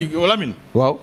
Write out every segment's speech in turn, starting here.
Lamine waaw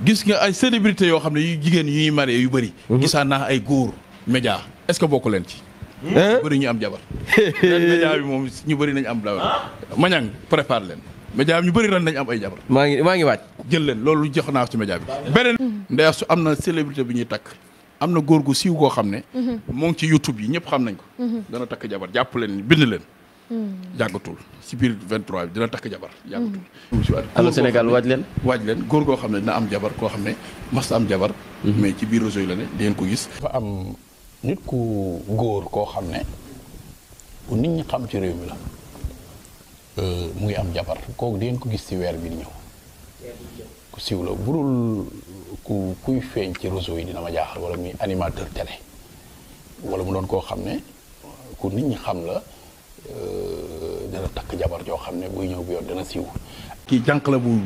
gis nga ay célébrité yoo xam ne yu jigéen yu ñuy yu bëri mhm. gisaan naa ay góor média est-ce que bokk leen ci hmm? bëri ñu am jabar média moom ñu bëri nañ am jabar ah? mañang prépare leen média bi ñu bëri ran nañ am ay jabar maa ngi maa ngi waaj jël leen loolu jox naa ci média bi beneen ndey su am na célébrité bu ñuy takk am na góor gu siiw goo xam ne mhm. moo ngi ci YouTube yi ñëpp xam nañ ko mhm. dana takk jabar jàpp leen bind leen Hmm. yàggatul si biir 23 bi dina takk jabar hmm. yàggatul allo senegal waaj leen waaj leen góor goo xam ne dina am jabar koo xam ne masta am jabar hmm. mais ci biir réseau yi la ne dangeen ko gis dafa ku góor koo xam ne bu nit ñi xam ci réew mi euh, mu ngi am jabar kooku dangeen ko gis ci weer bi ñëw ku siiw la burul ku kuy feeñ ci réseau yi dina ma jaaxal wala muy animateur tele wala mu doon koo xam ne ku nit ñi xam la Euh, dana takk jabar joo xam ne buy ñëw bi dana siiw. kii jànq la bu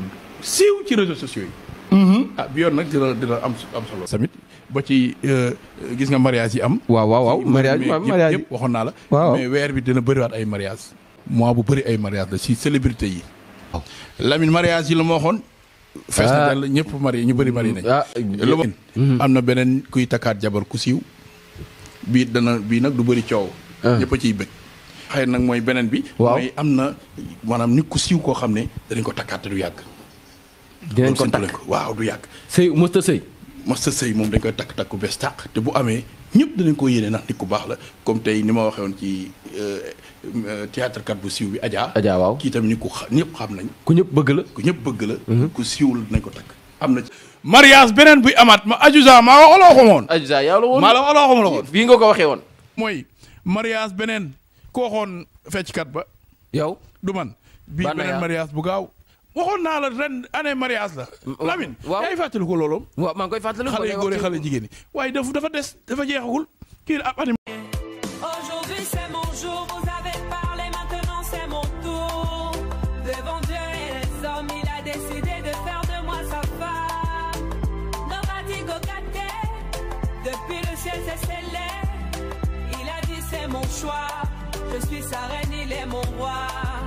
siiw ci réseaux sociaux yi. Mm-hmm. ah yoon nag dina dina am solo. tamit ba ci euh, gis nga mariage yi am. waaw waaw waaw mariage mariage yëpp waxoon naa la. weer bi dina bëriwaat ay mariage mois bu bëri ay mariage la si célébrité yi. waaw Lamine yi la ma waxoon. fees na ah. dal ñëpp mari ñu bëri mari nañ. Ah, mm-hmm. am na beneen kuy takkaat jabar ku siiw. bii dana bii nag du bëri coow. Ah. ñëpp ciy bëgg. xëy nag mooy beneen bi. waaw am na maanaam nit ku siiw koo xam ne danañ ko takkaate du yàgg. dinañ ko takk waaw du yàgg. sëy mësta sëy. mësta sëy moom dañ koy takk takku bees tàq te bu amee ñëpp danañ ko yéene ndax ku baax la comme tey ni ma waxee woon ci euh, euh, théâtre kat bu siiw bi Adja. Adja waaw kii itam nit ku ñëpp xam nañ. ku ñëpp bëgg la ku ñëpp bëgg la. Mm-hmm. ku siiw la dinañ ko takk am na ci. beneen buy amaat ma Adiouza maa wax oloo xamoon. Adiouza yaa la woon maa la wax oloo xamoon. bii nga ko waxee woon. mooy mariage beneen. ba. du man. Lamine. Aujourd'hui c'est mon jour, vous avez parlé, maintenant c'est mon tour. Devant Dieu et les hommes, il a décidé de faire de moi sa femme. depuis le ciel c'est scellé. Il a dit c'est mon choix. Je suis sa reine, il est mon roi.